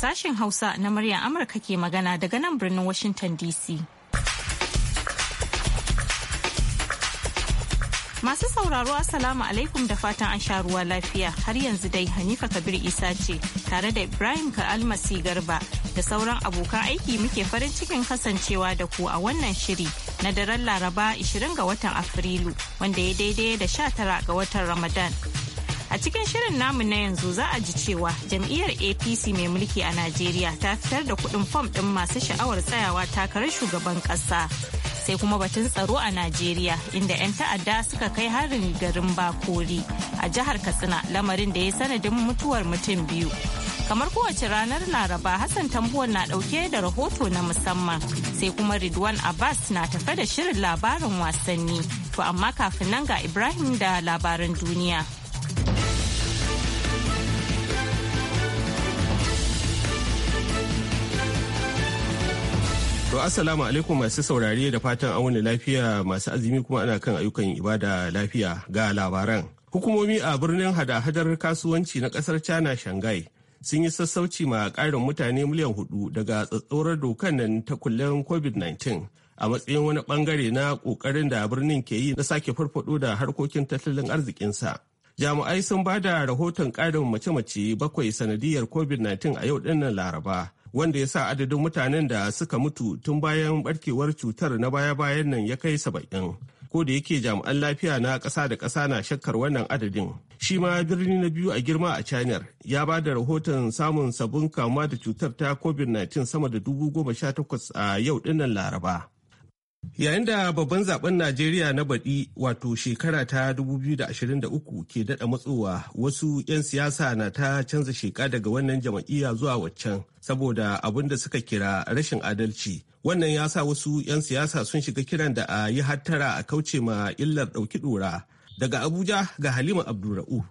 sashen Hausa na muryar Amurka ke magana daga nan birnin Washington DC. Masu sauraro Assalamu alaikum da fatan an sha ruwa lafiya har yanzu dai Hanifa Kabir Isa ce tare da Ibrahim Ka'almasi Garba da sauran abokan aiki muke farin cikin kasancewa da ku a wannan shiri na daren Laraba 20 ga watan Afrilu wanda ya daidai da 19 ga watan Ramadan. A cikin shirin namu na yanzu za a ji cewa jam'iyyar APC mai mulki a Najeriya ta fitar da kuɗin fom ɗin masu sha'awar tsayawa takarar shugaban ƙasa. Sai kuma batun tsaro a Najeriya inda 'yan ta'adda suka kai harin garin Bakori a jihar Katsina lamarin da ya sanadin mutuwar mutum biyu. Kamar kowace ranar Laraba Hassan Tambuwan na ɗauke da rahoto na musamman sai kuma Ridwan Abbas na tafe da shirin labarin wasanni. To amma kafin nan ga Ibrahim da labaran duniya. assalamu alaikum masu saurari da fatan an wani lafiya masu azumi kuma ana kan ayyukan ibada lafiya ga labaran. Hukumomi a birnin hada-hadar kasuwanci na kasar China Shanghai sun yi sassauci ma ƙarin mutane miliyan hudu daga tsatsaurar dokan nan ta kullen COVID-19 a matsayin wani bangare na ƙoƙarin da birnin ke yi na sake farfado da harkokin tattalin arzikinsa. Jami'ai sun ba da rahoton ƙarin mace-mace bakwai sanadiyar COVID-19 a yau dinnan Laraba, wanda ya sa adadin mutanen da suka mutu tun bayan barkewar cutar na baya-bayan nan ya kai saba'in. ko da yake jami'an lafiya na ƙasa da ƙasa na shakkar wannan adadin shi ma birni na biyu a girma a china ya ba da rahoton samun sabon kamuwa da cutar ta covid-19 sama da dubu goma sha takwas a yau dinnan laraba Yayin da babban zaben Najeriya na baɗi wato shekara ta 2023 ke daɗa matsowa wasu 'yan siyasa na ta canza sheka daga wannan jam'iyya zuwa waccan saboda abin da suka kira rashin adalci. Wannan ya sa wasu 'yan siyasa sun shiga kiran da a yi hattara a kauce ma illar ɗauki ɗora. Daga Abuja ga Halima Abdulra'u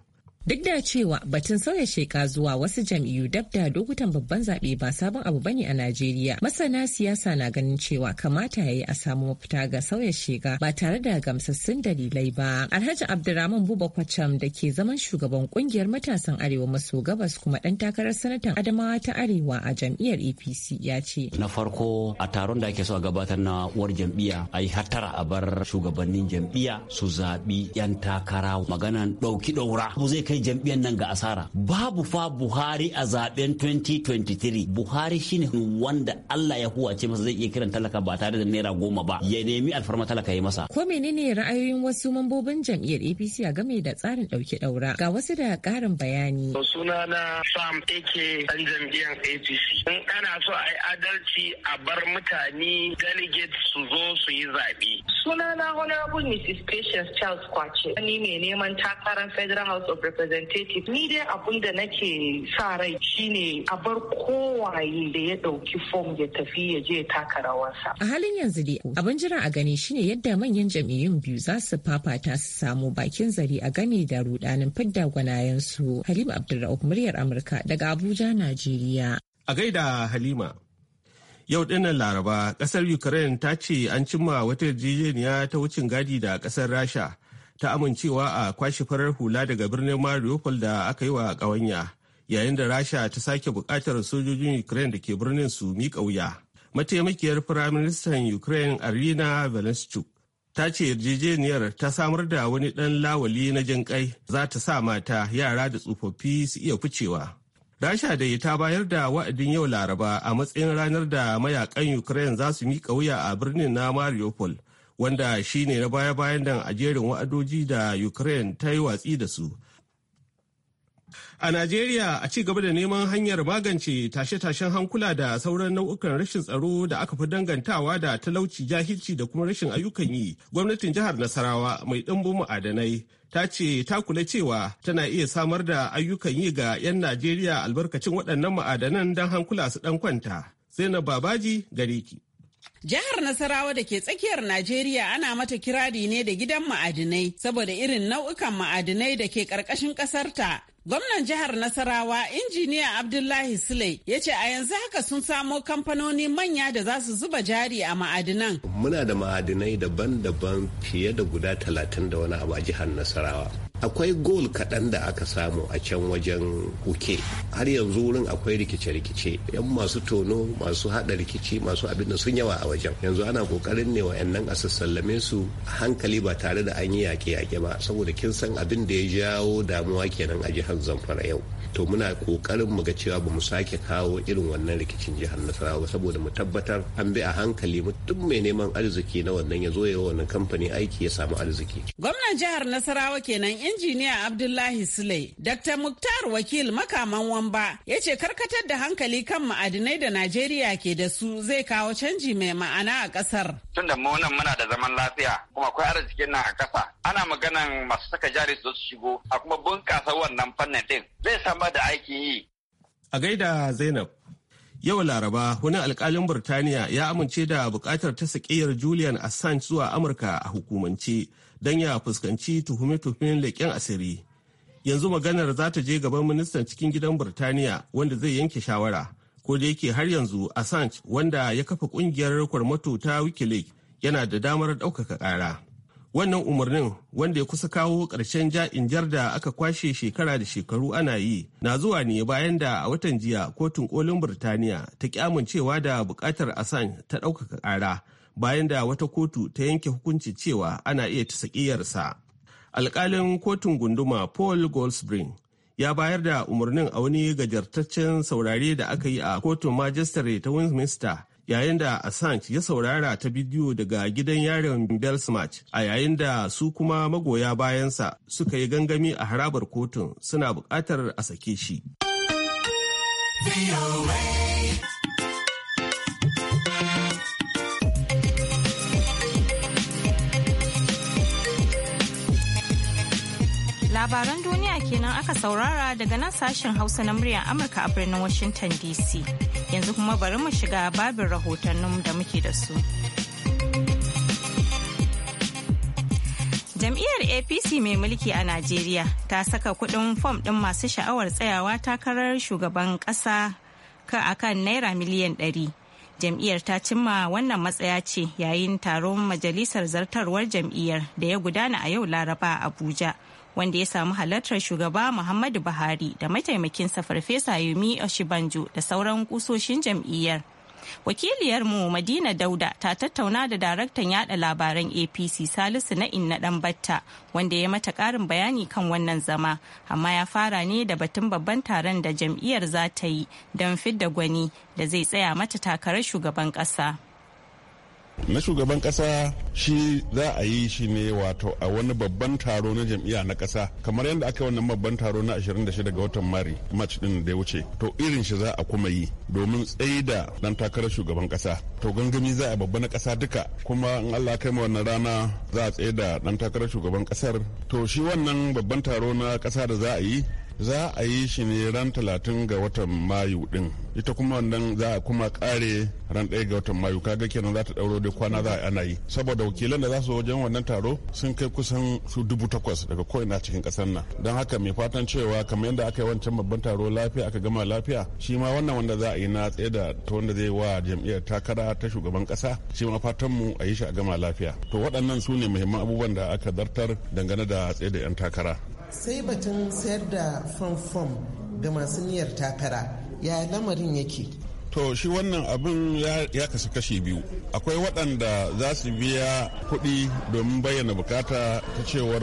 Duk da cewa batun sauya sheka zuwa wasu jam'iyyu dab da dogutan babban zaɓe ba sabon abu bane a Najeriya. Masana siyasa na ganin cewa kamata ya yi a samu mafita ga sauya sheka ba tare da gamsassun dalilai ba. Alhaji Abdurrahman Buba Kwacham da ke zaman shugaban kungiyar matasan Arewa maso gabas kuma ɗan takarar sanatan Adamawa ta Arewa a jam'iyyar APC ya ce. Na farko a taron da ake so a gabatar na uwar jam'iya, a yi hattara a bar shugabannin jam'iya su zaɓi 'yan takara maganan ɗauki ɗaura. zai kai jam'iyyar nan ga asara babu fa buhari a zaben 2023 buhari shine wanda allah ya huwace masa zai iya kiran talaka ba tare da naira goma ba ya nemi alfarma talaka ya masa ko menene ra'ayoyin wasu mambobin jam'iyyar apc a game da tsarin dauke ɗaura? ga wasu da karin bayani suna na sam ake dan jam'iyyar apc in ana so a yi adalci a bar mutane delegate su zo su yi zaɓe sunana honorable mrs patience charles kwace ni ne neman takarar federal house of representative ni dai abun da nake sa rai shine a bar kowaye da ya dauki fom ya tafi ya je taka rawarsa a halin yanzu dai abin jira a gani shine yadda manyan jam'iyyun biyu za su fafata su samu bakin zari a gani da rudanin fidda gwanayen su halima abdulrahman muryar amurka daga abuja najeriya a gaida halima yau dinnan laraba kasar ukraine ta ce an cimma wata yarjejeniya ta wucin gadi da kasar rasha ta amincewa a kwashe farar hula daga birnin mariupol da aka yi wa ƙawanya yayin da rasha ta sake buƙatar sojojin ukraine da ke birnin su miƙa wuya mataimakiyar firaministan ukraine arina velenschuk ta ce yarjejeniyar ta samar da wani ɗan lawali na jinƙai za ta sa mata yara da tsofaffi su iya ficewa rasha da ta bayar da wa'adin yau laraba a matsayin ranar da mayakan ukraine za su miƙa wuya a birnin na mariupol wanda shine na baya-bayan dan a jerin wa'adoji da Ukraine ta yi watsi da su. A Najeriya a ci gaba da neman hanyar magance tashe-tashen hankula da sauran nau'ukan rashin tsaro da aka fi dangantawa da talauci jahilci da kuma rashin ayyukan yi. Gwamnatin jihar Nasarawa mai ɗimbin ma'adanai ta ce ta kula cewa tana iya samar da ayyukan yi ga 'yan Najeriya albarkacin waɗannan ma'adanan don hankula su ɗan kwanta. Zainab Babaji gare ki. Jihar Nasarawa da ke tsakiyar Najeriya ana mata kirari ne da gidan ma'adinai saboda irin nau'ikan ma'adinai da ke ƙarƙashin ƙasarta. Gwamnan jihar Nasarawa, injiniya Abdullahi Sule, ya ce a yanzu haka sun samo kamfanoni manya da za su zuba jari a ma'adinan. Muna da ma'adinai daban-daban fiye da guda talatin da wani abu a jihar Nasarawa. akwai gol kaɗan da aka samu a can wajen uke har yanzu wurin akwai rikice-rikice yan masu tono masu haɗa rikici masu abin da sun yawa a wajen yanzu ana ƙoƙarin ne wa nan a sassallame su hankali ba tare da an yi yaƙe-yaƙe ba saboda kin san abin da ya jawo damuwa kenan a jihar zamfara yau to muna kokarin mu ga cewa ba mu sake kawo irin wannan rikicin jihar nasarawa saboda mu tabbatar an bi a hankali mu duk mai neman arziki na wannan ya zo ya wannan kamfani aiki ya samu arziki gwamnan jihar nasarawa kenan injiniya abdullahi sule dr muktar wakil makaman wamba ya ce karkatar da hankali kan ma'adinai da najeriya ke da su zai kawo canji mai ma'ana a kasar tunda mu nan muna da zaman lafiya kuma akwai arzikin nan a ƙasa ana maganan masu saka jari su shigo a kuma bunƙasa wannan fannin din zai samar da aikin yi. A gaida Zainab Yau Laraba, wani alkalin Burtaniya ya amince da bukatar ta sakiyar Julian Assange zuwa Amurka a hukumance don ya fuskanci tuhume-tuhumen leƙen asiri. Yanzu maganar za ta je gaban ministan cikin gidan Burtaniya wanda zai yanke shawara. ko da yake har yanzu assange wanda ya kafa kungiyar kwarmato ta wikileaks yana da damar ɗaukaka ƙara wannan umarnin wanda ya kusa kawo ƙarshen ja'in jar da aka kwashe shekara da shekaru ana yi na zuwa ne bayan da a watan jiya kotun kolin birtaniya ta ki amincewa da buƙatar assange ta ɗaukaka ƙara bayan da wata kotu ta yanke hukunci cewa ana iya ta alƙalin kotun gunduma paul goldsbring ya bayar da umarnin a wani gajartaccen saurare da aka yi a kotun majistare ta Westminster yayin da Assange ya saurara ta bidiyo daga gidan yaron Belsmach a yayin da su kuma magoya bayansa suka yi gangami a harabar kotun suna bukatar a sake shi. Labaran duniya kenan aka saurara daga nan sashen Hausa na muryar Amurka a birnin Washington DC. Yanzu kuma bari mu shiga babin rahotannin da muke da su. Jam'iyyar APC mai mulki a Najeriya ta saka kudin fom din masu sha'awar tsayawa takarar shugaban kasa ka akan naira miliyan ɗari. jam'iyyar ta cimma wannan matsaya ce yayin taron majalisar zartarwar jam'iyyar da ya gudana a yau laraba a abuja wanda ya samu halartar shugaba Muhammadu Buhari da mataimakinsa Farfesa Yumi Oshibanjo da sauran kusoshin jam'iyyar. Wakiliyarmu Madina Dauda ta tattauna da daraktan yada labaran APC Salisu na Inna batta wanda ya mata karin bayani kan wannan zama, amma ya fara ne da batun babban taron da jam'iyyar za ta yi don fidda gwani da zai tsaya mata takarar shugaban ƙasa. na shugaban kasa shi za a yi shi ne wato a wani babban taro na jam'iyya na kasa kamar yadda aka yi wannan babban taro na 26 ga watan mari march din da ya wuce to irin shi za a kuma yi domin da dan takarar shugaban kasa to gangami za a babba na kasa duka kuma in Allah kai ma wannan rana za a da dan takarar shugaban kasar to shi wannan babban taro na kasa da za a yi za a yi shi ne ran talatin ga watan mayu din ita kuma wannan za a kuma kare ran ɗaya ga watan mayu kaga kenan za ta ɗauro da kwana za a ana yi saboda wakilan da za su wajen wannan taro sun kai kusan su dubu takwas daga ko'ina cikin ƙasar nan don haka mai fatan cewa kamar yadda aka yi wancan babban taro lafiya aka gama lafiya shi ma wannan wanda za a yi na tsaye da ta wanda zai wa jam'iyyar takara ta shugaban ƙasa shi ma fatan mu a yi shi a gama lafiya to waɗannan su ne muhimman abubuwan da aka zartar dangane da tsaye da 'yan takara sai batun sayar da fom-fom ga masu niyyar takara ya lamarin yake to shi wannan abin ya kasu kashi biyu akwai waɗanda za su biya kuɗi domin bayyana bukata ta cewar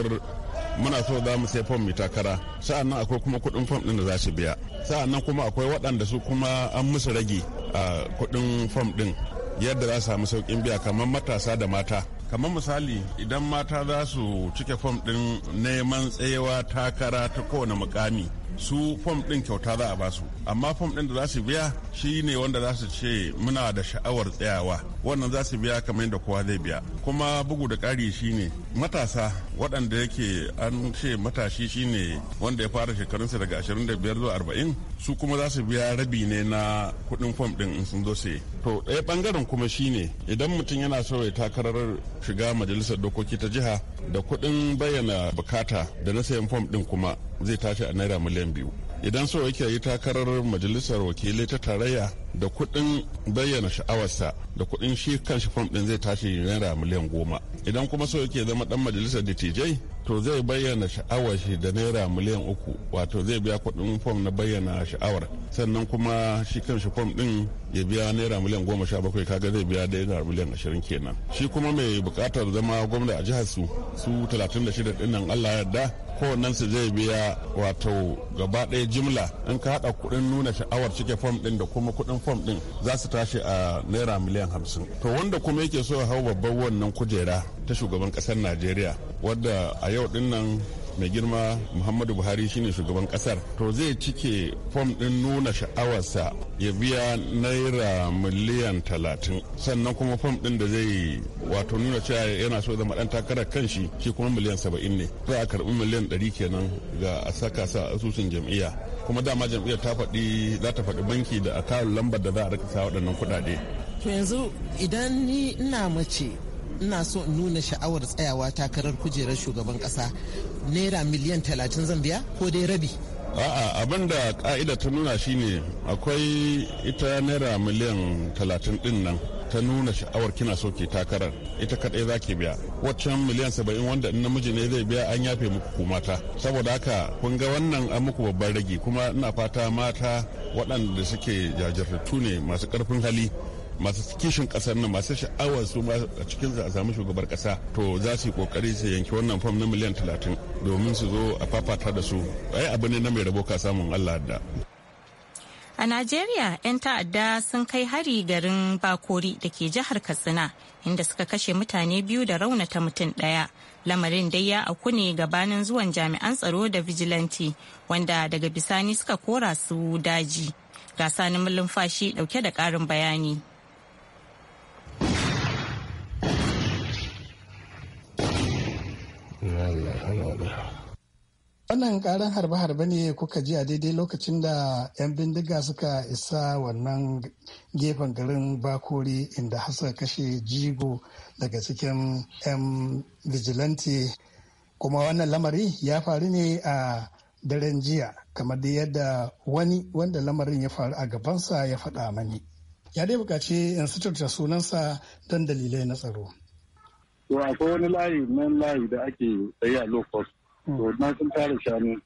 muna so za mu sai fom mai takara sa'annan akwai kuma kuɗin fom ɗin da za su biya sa'annan kuma akwai waɗanda su kuma an musu rage a kuɗin fom ɗin yadda za su samu sauƙin biya kamar matasa da mata kamar misali idan mata za su cike fom ɗin neman tsayewa takara ta kowane mukami su fom ɗin kyauta za a ba su amma fom ɗin da za su biya shi ne wanda za su ce muna da sha'awar tsayawa wannan za su biya kamar yadda kowa zai biya kuma bugu da ƙari ne matasa waɗanda yake an ce matashi shi ne wanda ya fara shekarunsa daga 25 zuwa 40 su kuma za su biya rabi ne na kuɗin fom ɗin in sun zo sai to ɗaya ɓangaren kuma shi ne idan mutum yana so ya takarar shiga majalisar dokoki ta jiha da kuɗin bayyana bukata da na sayan fom ɗin kuma zai tashi a naira miliyan biyu idan so yake yi takarar majalisar wakilai ta tarayya da kuɗin bayyana sha'awarsa da kuɗin shi kan shi fom ɗin zai tashi naira miliyan goma idan kuma so yake zama ɗan majalisar dattijai to zai bayyana sha'awar shi da naira miliyan uku wato zai biya kuɗin fom na bayyana sha'awar sannan kuma shi kan shi fom ɗin ya biya naira miliyan goma sha bakwai kaga zai biya da naira miliyan ashirin kenan shi kuma mai bukatar zama gwamna a jihar su su talatin da shida ɗin nan allah yarda kowannen su zai biya wato gaba ɗaya jimla in ka haɗa kuɗin nuna sha'awar cike fom ɗin da kuma kuɗin fom ɗin za su tashi a naira miliyan hamsin to wanda kuma yake so ya hau babban wannan kujera ta shugaban ƙasar najeriya wadda a yau din nan mai girma muhammadu buhari shine shugaban kasar to zai cike fom din nuna sha'awarsa ya biya naira miliyan talatin sannan kuma fom din da zai wato nuna cewa yana so zama dan takarar kanshi shi kuma miliyan saba'in ne za a karbi miliyan ɗari kenan ga a saka sa asusun jam'iyya kuma dama jam'iyyar ta faɗi za ta faɗi banki da akawun lambar da za a rika waɗannan kuɗaɗe to yanzu idan ni ina mace ina so in nuna sha'awar tsayawa takarar kujerar shugaban kasa naira miliyan talatin zan biya ko dai rabi a'a abin da ka'ida ta nuna shine akwai ita naira miliyan talatin din nan ta nuna sha'awar kina so ke takarar ita kadai za ki biya waccan miliyan saba'in wanda in namiji ne zai biya an yafe muku ku mata saboda haka kun ga wannan an muku babban ragi kuma ina fata mata waɗanda suke jajirtattu ne masu ƙarfin hali masu kishin kasar nan masu sha'awar su a cikin a samu shugabar kasa to za su yi kokari su yanki wannan fam na miliyan talatin domin su zo a fafata da su ai abu ne na mai rabo ka samun allah da A Najeriya, 'yan ta'adda sun kai hari garin Bakori da ke jihar Katsina, inda suka kashe mutane biyu da raunata mutum daya Lamarin dai ya auku ne gabanin zuwan jami'an tsaro da vigilanti, wanda daga bisani suka kora su daji. Ga sani mulumfashi dauke da karin bayani. wannan karan harbe-harbe ne kuka ji a daidai lokacin da 'yan bindiga suka isa wannan gefen garin bakori inda hasa kashe jigo daga cikin 'yan vigilante kuma wannan lamari ya faru ne a daren jiya kamar da yadda wani wanda lamarin ya faru a gabansa ya faɗa mani ya dai bukaci in suturta sunansa don dalilai na tsaro to akwai wani layi nan layi da ake tsaye a low cost hmm. to na sun tara shanu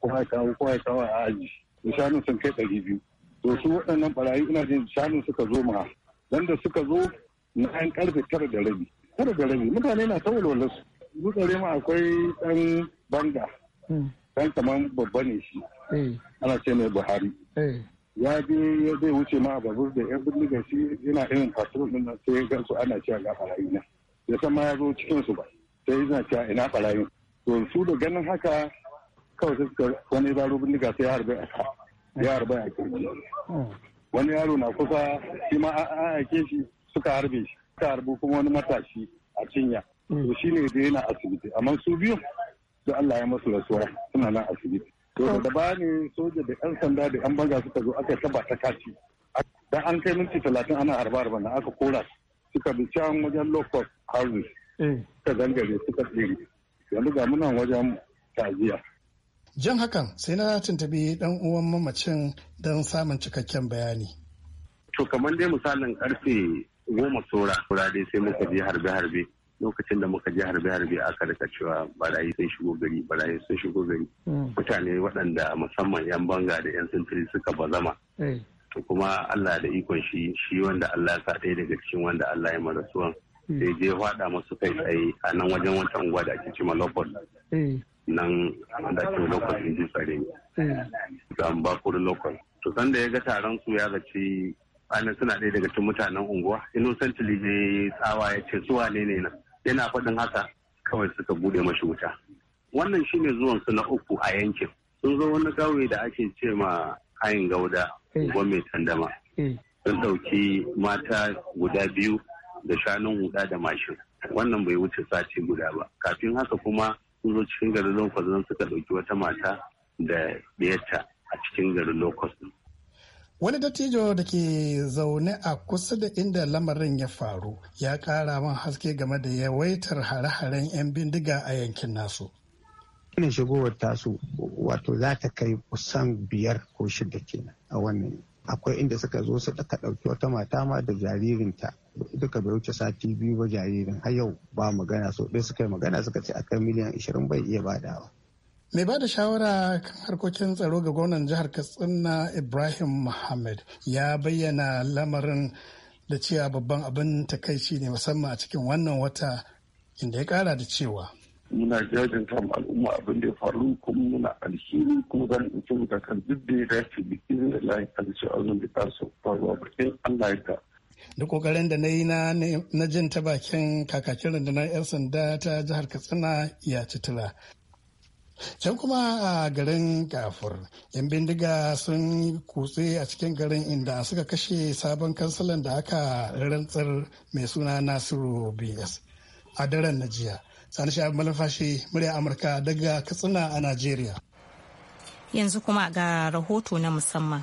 kuma ya kawo kuma ya kawo a aji shanu sun kai ɗari biyu to su waɗannan barayi ina jin shanu suka zo ma dan da suka zo na an karfe tara da rabi tara da rabi mutane na kawai walwalarsu dutsare ma akwai ɗan banga hmm. ɗan kamar babba ne shi eh. ana ce mai buhari eh. ya je ya zai wuce ma a babur da yan da shi yana irin fasirin din nan sai ya gansu ana ce ga ɓarayi nan ya san ma ya zo cikin su ba sai yana cewa ina barayin to su da ganin haka kawai sai suka wani zaro bindiga sai ya harbe a ya harbe a kirji wani yaro na kusa shi ma an aike shi suka harbe shi suka harbe kuma wani matashi a cinya to ne da yana asibiti amma su biyu da Allah ya masu rasuwa suna nan asibiti to da ba ne soja da yan sanda da yan banga suka zo aka taba ta kaci dan an kai minti talatin ana harba harba na aka kora su suka bi can wajen low cost eh. suka gangare suka tsiri yanzu ga muna wajen taziya. jan hakan sai na tuntubi dan uwan mamacin don samun cikakken bayani. to kamar dai misalin karfe goma saura dai sai muka je harbe-harbe lokacin da muka je harbe-harbe aka da cewa barayi sun shigo gari barayi sun shigo gari hmm. mutane waɗanda musamman 'yan banga da 'yan sintiri suka bazama eh. to kuma Allah da ikon shi shi wanda Allah ya sa ɗaya daga cikin wanda Allah ya mara suwan hmm. sai je faɗa masu kai tsaye a nan wajen wata unguwa da ake cima lokal hmm. nan da ake lokal in ji tsare zambakuru hmm. lokal to sanda ya ga taron su ya zaci ana suna ɗaya daga cikin mutanen unguwa innocently ne tsawa ya ce suwa ne ne nan yana faɗin haka kawai suka buɗe mashi wuta wannan shine zuwan su na uku a yankin sun zo wani ƙauye da ake ce ma ayin gauda Eh. uban mai tandama eh. sun ɗauki mata guda biyu da shanun huda da mashin wannan bai wuce sati guda ba kafin haka kuma sun zo cikin garin lokos don suka ɗauki wata mata da ɗayarta a cikin garin lokos wani dattijo da ke zaune a kusa da inda lamarin ya faru ya kara man haske game da yawaitar hare-haren 'yan bindiga a yankin nasu wannan shigowar tasu wato za ta kai kusan biyar ko shida kenan a wannan akwai inda suka zo su ɗaka ɗauki wata mata ma da jaririnta duka bai wuce sati biyu ba jaririn har yau ba magana so ɗaya suka yi magana suka ce akan miliyan ashirin bai iya badawa. mai ba da shawara kan harkokin tsaro ga gwamnan jihar katsina ibrahim muhammad ya bayyana lamarin da cewa babban abin takaici ne musamman a cikin wannan wata inda ya kara da cewa muna jajin kan al'umma abin da ya faru kuma muna alheri kuma zan ɗauki muka kan duk da ya dace da izinin layi ya kalci da ta so faruwa ba in Allah ya ta. Da kokarin da na yi na jin ta bakin kakakin rundunar 'yan sanda ta jihar Katsina ya ci tura. Can kuma a garin Kafur, 'yan bindiga sun kutse a cikin garin inda suka kashe sabon kansilan da aka rantsar mai suna Nasiru BS a daren na jiya. Sani Shahab Malafashi murya Amurka daga Katsina a Najeriya. Yanzu kuma ga rahoto na musamman.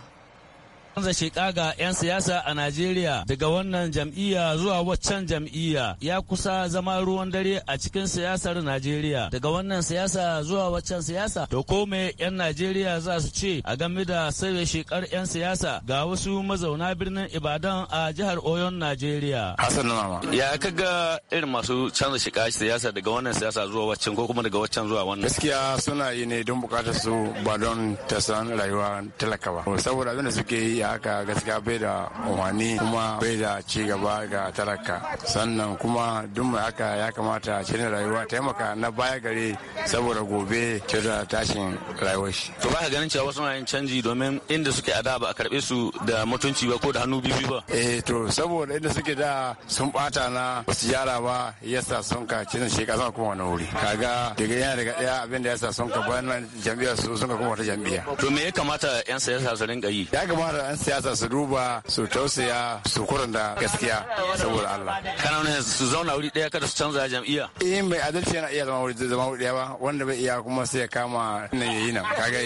canza sheka ga 'yan siyasa a Najeriya daga wannan jam'iyya zuwa waccan jam'iyya ya kusa zama ruwan dare a cikin siyasar Najeriya daga wannan siyasa zuwa waccan siyasa to ko me 'yan Najeriya za su ce a game da sauya shekar 'yan siyasa ga wasu mazauna birnin Ibadan a jihar Oyon Najeriya. Hassan Mama ya kaga irin masu canza shiga siyasa daga wannan siyasa zuwa waccan ko kuma daga waccan zuwa wannan. Gaskiya suna yi ne don bukatar su ba don ta san rayuwa talaka ba. Saboda abin da suke yi a saboda haka gaskiya bai da umarni kuma bai da ci gaba ga talaka sannan kuma duk mai haka ya kamata cire rayuwa taimaka na baya gare saboda gobe da tashin rayuwar shi. to ba ka ganin cewa wasu yin canji domin inda suke a da ba a karbe su da mutunci ba ko da hannu bibi ba. eh to saboda inda suke da sun bata na wasu yara ba yasa sun ka cin shi kasa kuma wani wuri kaga daga yana daga daya abin da yasa sun ka bayan jam'iyyar su sun ka kuma wata jam'iyya. to me ya kamata 'yan siyasa su rinka yi. ya kamata 'yan siyasa su duba su tausaya su kuranta gaskiya saboda Allah. Kana su zauna wuri ɗaya kada su canza jam'iyya. Eh mai adalci yana iya zama wuri zama wuri ɗaya ba wanda bai iya kuma sai ya kama na yayi nan kaga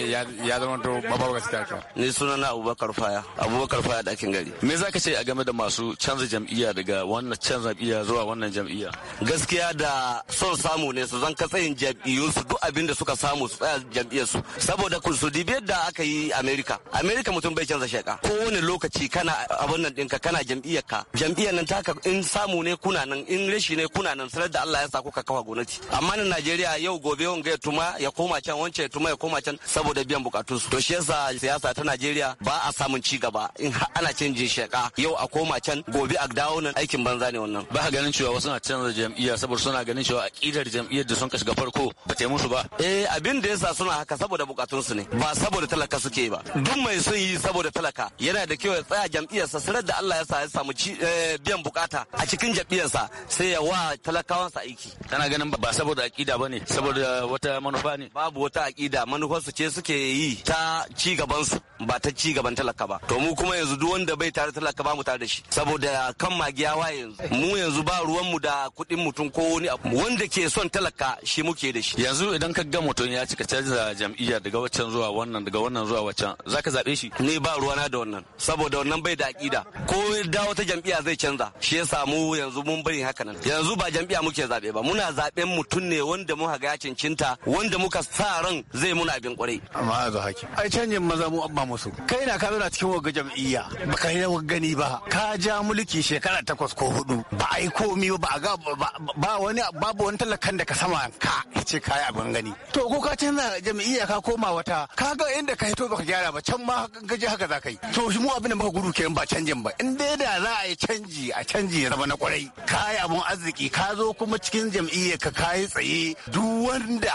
ya zama to babu gaskiya. Ni suna na Abubakar Faya Abubakar Faya ɗakin gari. Me za ka ce a game da masu canza jam'iyya daga wannan canza jam'iyya zuwa wannan jam'iyya? Gaskiya da son samu ne su zan katsayin su duk abin da suka samu su tsaya su saboda kun su dibi da aka yi Amerika. Amerika mutum bai canza sheka. ka kowane lokaci kana abun nan dinka kana jam'iyyar ka jam'iyyar nan taka in samu ne kuna nan in rashi ne kuna nan sanar da Allah ya sa kuka kafa gwamnati amma nan Najeriya yau gobe wanga ya tuma ya koma can wance ya tuma ya koma can saboda biyan bukatun su to shi yasa siyasa ta Najeriya ba a samun ci gaba in ana canjin sheka yau a koma can gobe a dawo nan aikin banza ne wannan ba ganin cewa wasu na canza jam'iyya saboda suna ganin cewa akidar jam'iyyar da sun kashi shiga farko ba ta musu ba eh abin da yasa suna haka saboda bukatun su ne ba saboda talaka suke ba duk mai son yi saboda talaka haka yana da kyau ya tsaya jam'iyyarsa sarar da Allah ya sa ya samu eh, biyan bukata a cikin jam'iyyarsa sai ya wa talakawansa aiki kana ganin ba saboda aqida bane saboda wata manufa ne babu wata manufar su ce suke yi ta ci gaban su ba ta ci gaban talaka ba to mu kuma yanzu duk wanda bai tare talaka ba mu tare da shi saboda kan magiya wa yanzu mu yanzu ba ruwan mu da kuɗin mutum ko wani abu wanda ke son talaka shi muke da shi yanzu idan ka ga mutum ya cika canza jam'iyya daga waccan zuwa wannan daga wannan zuwa waccan zaka zabe shi ne ba ruwana da wannan saboda wannan bai da aƙida ko da wata jam'iyya zai canza shi ya samu yanzu mun bari haka nan yanzu ba jam'iyya muke zabe ba muna zaben mutum ne wanda muka haga ya cincinta wanda muka sa ran zai muna abin ƙwarai. amma yanzu haki ai canjin maza mu abba musu kai na ka zauna cikin wagga jam'iyya ba ka yi gani ba ka ja mulki shekara takwas ko hudu ba a yi komi ba a ga ba wani babu wani talakan da ka sama ka ce ka yi abin gani to ko ka canza jam'iyya ka koma wata ka ga inda ka hito baka gyara ba can ma ka je haka za ka yi to shi mu abin da muka gudu kenan ba canjin ba in dai da za a yi canji a canji ya zama na kwarai ka yi abun arziki ka zo kuma cikin jam'iyyar ka ka yi tsaye duk wanda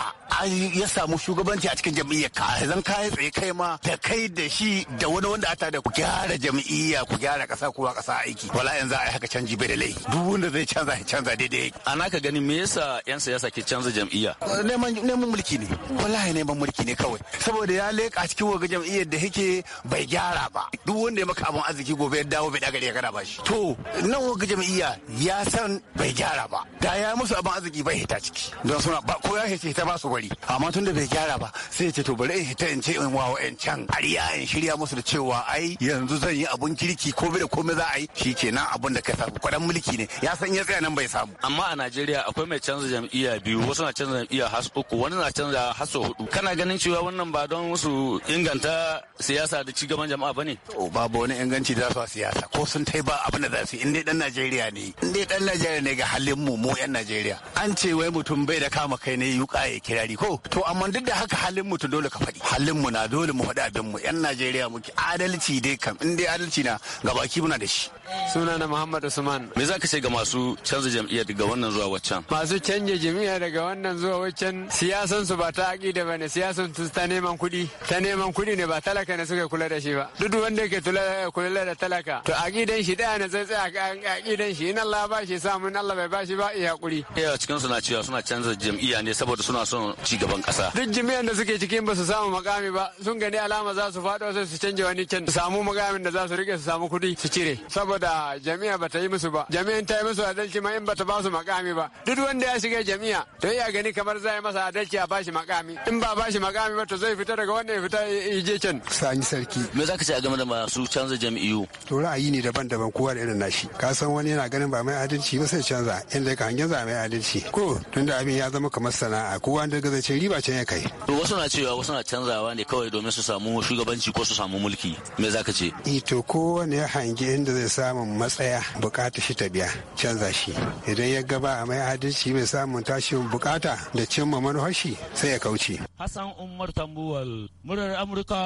ya samu shugabanci a cikin jam'iyyar ka zan ka yi tsaye kai ma da kai da shi da wani wanda ata da ku gyara jam'iyya ku gyara kasa kowa kasa aiki wala yanzu a yi haka canji bai da laifi duk wanda zai canza ya canza daidai ana ka gani me yasa yan siyasa ke canza jam'iyya neman neman mulki ne wallahi neman mulki ne kawai saboda ya leka cikin waga jam'iyyar da yake bai gyara ba ba duk wanda ya maka abin arziki gobe ya dawo bai dagare gara ba shi to nan wanga jami'a ya san bai gyara ba da ya musu abun arziki bai hita ciki don suna ba ko ya hita ba su bari amma tun da bai gyara ba sai ya ce to bari in hita in ce in wawa in can ya in shirya musu da cewa ai yanzu zan yi abun kirki ko bai da komai za a yi nan abun da ka samu kwadan mulki ne ya san ya tsaya nan bai samu amma a Najeriya akwai mai canza jam'iyya biyu wasu na canza jam'iyya has uku wani na canza haso hudu kana ganin cewa wannan ba don su inganta siyasa da cigaban jama'a bane ne to babu wani inganci da su siyasa ko sun tai ba abin da za su in dai dan Najeriya ne in dai dan Najeriya ne ga halin mu mu yan Najeriya an ce wai mutum bai da kama kai ne yuka ya kirari ko to amma duk da haka halin mutum dole ka faɗi halin mu na dole mu faɗi abin mu yan Najeriya muke adalci dai kam in dai adalci na gabaki muna da shi suna na Muhammad Usman. Me za ka ce ga masu canza jam'iyyar daga wannan zuwa waccan? Masu canza jam'iyyar daga wannan zuwa waccan siyasan su ba ta aƙida ba ne siyasan su ta neman kuɗi. Ta neman kuɗi ne ba talaka ne suka kula da shi ba. Duk wanda yake kula da talaka to aƙidan shi ɗaya ne sai tsaya aƙidan shi in Allah ba shi samu in Allah bai ba shi ba iya hakuri. Iya cikin suna cewa suna canza jam'iyya ne saboda suna son ci gaban ƙasa. Duk jam'iyyar da suke cikin ba su samu makami ba sun gani alama za su faɗo sai su canja wani can su samu makamin da za su rike su samu kuɗi su cire. Saboda saboda jami'a ba ta yi musu ba jami'in ta yi musu adalci ma in ba ta ba su makami ba duk wanda ya shiga jami'a to ya gani kamar za yi masa adalci a bashi makami in ba bashi makami ba to zai fita daga wanda ya fita ya je can sani sarki me za ka ce a game da masu canza jami'u to ra'ayi ne daban-daban kowa da irin nashi ka san wani yana ganin ba mai adalci ba sai canza inda ka hangen za mai adalci ko tunda abin ya zama kamar sana'a kowa da gaza ce riba can ya kai to wasu na cewa wasu na canzawa ne kawai domin su samu shugabanci ko su samu mulki me za ka ce eh to ne ya hangi inda zai sa samun matsaya bukata shi ta biya canza shi idan ya gaba a mai adalci mai samun tashin bukata da cimma manufashi sai ya kauce. Hassan Umar Tambuwal, murar Amurka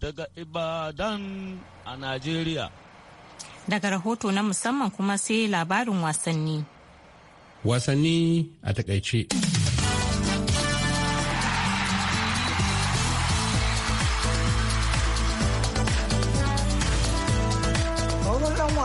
daga Ibadan a Najeriya. Daga rahoto na musamman kuma sai labarin wasanni. Wasanni a takaice.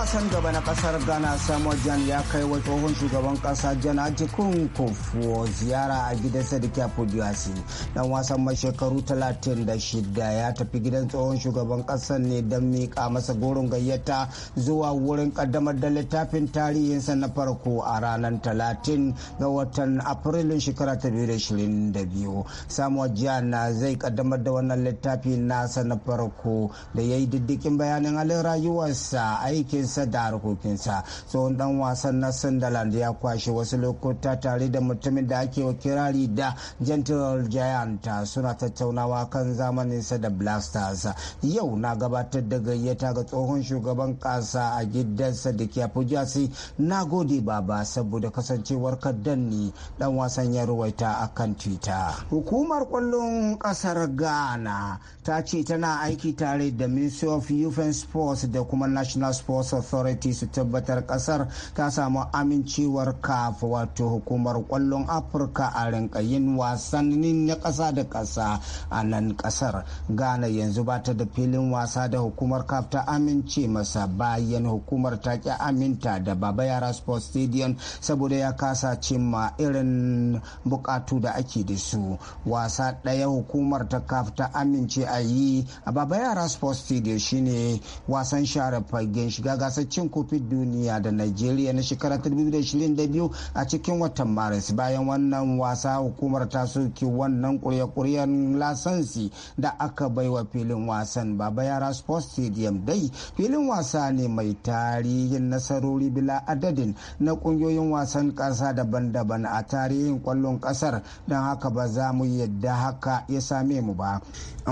kasan gaba na kasar ghana samuel jan ya kai wa tsohon shugaban kasa jan ajikun kofuwa ziyara a gidansa da ke podiasi dan wasan mai shekaru 36 ya tafi gidan tsohon shugaban kasa ne don miƙa masa goron gayyata zuwa wurin kaddamar da littafin tarihinsa na farko a ranar 30 ga watan afrilun shekara 2022 samuel jan zai kaddamar da wannan littafi nasa na farko da ya yi diddikin bayanin halin rayuwarsa aikinsa gudanar da harkokinsa tsohon dan wasan na sunderland ya kwashe wasu lokuta tare da mutumin da ake wa kirari da gentle giant suna tattaunawa kan zamaninsa da blasters yau na gabatar da gayyata ga tsohon shugaban kasa a gidansa da ke fujasi na gode baba saboda kasancewar ni dan wasan ya ruwaita a kan twitter hukumar kwallon kasar ghana ta ce tana aiki tare da ministry of youth and sports da kuma national sports authority su tabbatar kasar ta samu amincewar kafa wato hukumar kwallon afirka a rinka yin wasannin na kasa da kasa a nan kasar ghana yanzu ba ta da filin wasa da hukumar kaf ta amince masa bayan hukumar ta ki aminta da baba yara sports stadium saboda ya kasa cimma irin bukatu da ake da su wasa ɗaya hukumar ta kaf ta amince a yi a baba yara sports stadium shine wasan share fagen shiga gas gasar cin kofin duniya da Najeriya na shekara 2022 a cikin watan Maris bayan wannan wasa hukumar ta soke wannan kurya-kuryan lasansi da aka baiwa filin wasan Baba Yara Sports Stadium dai filin wasa ne mai tarihin nasarori bila adadin na kungiyoyin wasan ƙasa daban-daban a tarihin kwallon ƙasar don haka ba za mu yadda haka ya same mu ba.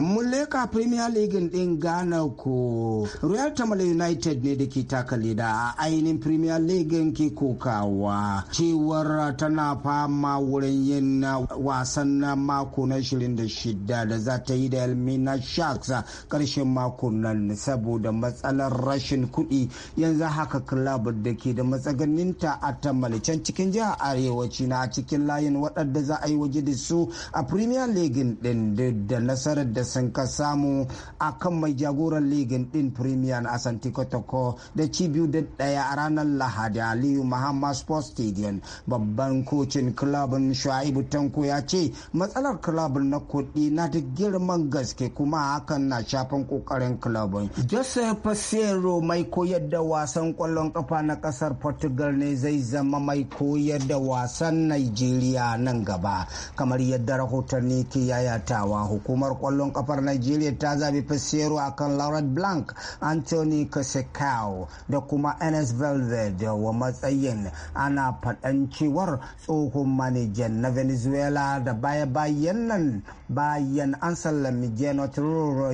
mun leka premier league din ghana ko royal tamale united ne da ke taka leda a ainihin premier league ke kokawa cewar tana fama wurin yin wasan na mako na 26 da za ta yi da elmina sharks karshen mako nan saboda matsalar rashin kuɗi yanzu haka club da ke da matsaganinta a tamale can cikin jihar arewaci na cikin layin waɗanda za a yi waje da su a premier league din da nasarar da sun ka samu a kan mai jagoran ligin din premier na asanti kotoko da cibiyu da daya a ranar lahadi aliyu muhammad sports stadium babban kocin kulabin shu'aibu tanko ya ce matsalar kulabin na kuɗi na da girman gaske kuma hakan na shafan kokarin kulabin joseph Pasero mai koyar da wasan kwallon kafa na kasar portugal ne zai zama mai koyar da wasan nigeria nan gaba kamar yadda rahotanni ke yayatawa hukumar kwallon kafar nigeria ta zabi fasero a kan laurent blanc anthony kasekau da kuma enes velvet wa matsayin ana faɗan cewar tsohon manajan na venezuela da baya-bayan nan bayan an sallami janot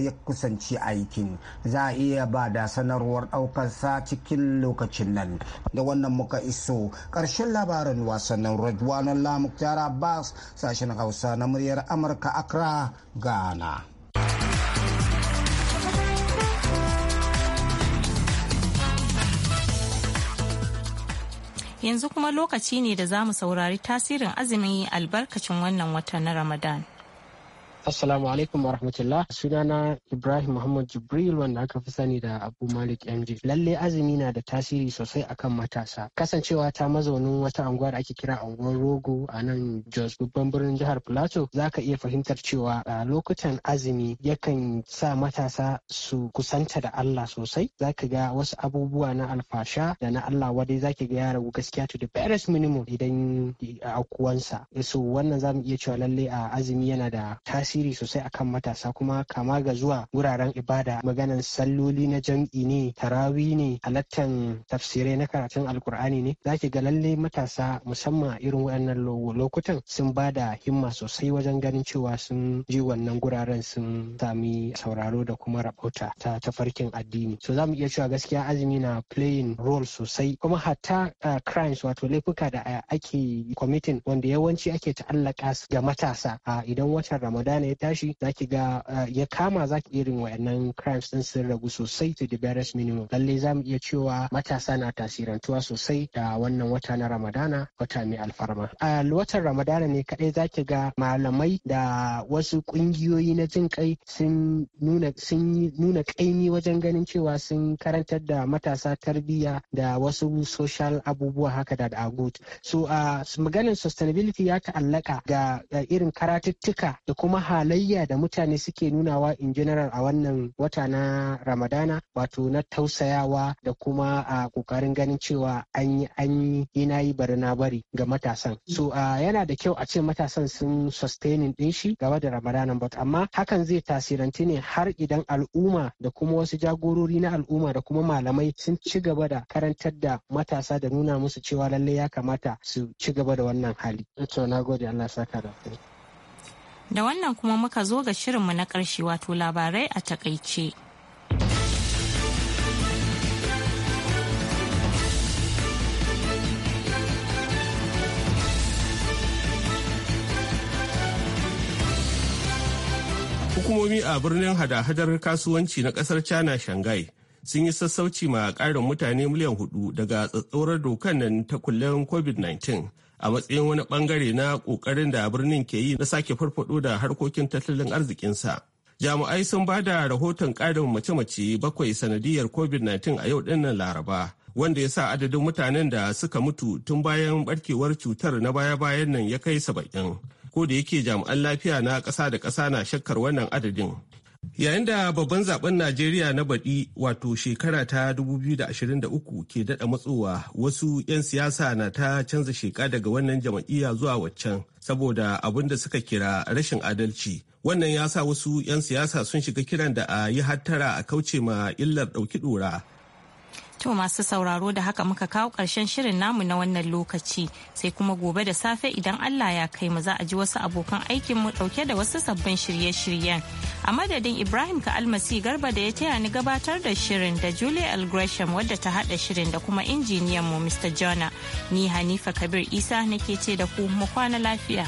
ya kusanci aikin za a iya ba da sanarwar ɗaukarsa cikin lokacin nan da wannan muka iso ƙarshen labarin wasannin redwanon lamuktar abbas sashen hausa na muryar amurka accra ghana Yanzu kuma lokaci ne da za mu saurari tasirin azumin albarkacin wannan wata na Ramadan. Assalamu alaikum wa rahmatullah. Sunana Ibrahim Muhammad Jibril wanda aka fi sani da Abu Malik MJ. Lalle azumi na da tasiri sosai akan matasa. Kasancewa ta mazaunin wata anguwa da ake kira anguwar Rogo a nan Jos babban birnin jihar Plateau za ka iya fahimtar cewa a lokutan azumi yakan sa matasa su kusanta da Allah sosai. Za ka ga wasu abubuwa na alfasha da na Allah wadai za ka ga ya ragu gaskiya to the barest minimum idan a kuwansa. So wannan za mu iya cewa lalle a azumi yana da tasiri tasiri sosai akan matasa kuma kama ga zuwa wuraren ibada maganan salloli na jam'i ne tarawi ne halattan tafsirai na karatun alkur'ani ne zaki ga lalle matasa musamman a irin waɗannan lokutan sun ba da himma sosai wajen ganin cewa sun je wannan guraren sun sami sauraro da kuma rabauta ta tafarkin addini so za mu iya cewa gaskiya azumi na playing role sosai kuma hatta ah, crimes wato laifuka da ake committing wanda yawanci ake ta'allaka ga matasa ah, idan watan ramadan ne ya tashi zaki ga eh, ya kama zaki irin wayannan crimes din sun ragu sosai to the barest minimum lalle zamu iya cewa matasa na tasirantuwa sosai da wannan wata na ramadana wata mai alfarma a watan ramadana ne kadai zaki ga malamai da wasu kungiyoyi na jin kai sun nuna kaimi wajen ganin cewa sun karantar da matasa tarbiyya da wasu social abubuwa haka da agut so a ah, maganin sustainability ya ta'allaka ga irin karatuttuka da kuma halayya da mutane suke nunawa in general a wannan wata na ramadana wato na tausayawa da kuma a kokarin ganin cewa an yi an yi na yi bari na bari ga matasan so yana da kyau a ce matasan sun sustaining din shi gaba da ramadanan but amma hakan zai tasiranti ne har idan al'umma da kuma wasu jagorori na al'umma da kuma malamai sun ci gaba da karantar da matasa da nuna musu cewa lallai ya kamata su ci gaba da wannan hali. Ito na gode Allah saka da Da wannan kuma muka zo ga shirinmu na ƙarshe wato labarai a takaice. hukumomi a birnin hada-hadar kasuwanci na kasar china shanghai sun yi sassauci ma ƙarin mutane miliyan hudu daga tsatsaurar dokan nan ta kullen covid-19 a matsayin wani bangare na kokarin da birnin ke yi na sake farfado da harkokin tattalin arzikinsa. Jami'ai sun ba da rahoton ƙarin mace-mace bakwai sanadiyar COVID-19 a yau dinnan Laraba, wanda ya sa adadin mutanen da suka mutu tun bayan barkewar cutar na baya-bayan nan ya kai saba'in. Ko da yake jami'an lafiya na ƙasa da ƙasa na shakkar wannan adadin, Yayin da babban zaben Najeriya na baɗi wato shekara ta 2023 ke daɗa matsowa wasu 'yan siyasa na ta canza sheka daga wannan jam'iyya zuwa waccan saboda abin da suka kira rashin adalci. Wannan ya sa wasu 'yan siyasa sun shiga kiran da a yi hattara a kauce ma illar ɗauki ɗora To masu sauraro da haka muka kawo ƙarshen shirin namu na wannan lokaci sai kuma gobe da safe idan Allah ya kai mu za a ji wasu abokan aikin mu ɗauke da wasu sabbin shirye-shiryen. A madadin Ibrahim ka almasi garba da ya taya ni gabatar da shirin da Julie L. Gresham wadda ta haɗa shirin da kuma injiniyan mu Mr. Jona. Ni Hanifa Kabir Isa nake ce da ku mu kwana lafiya.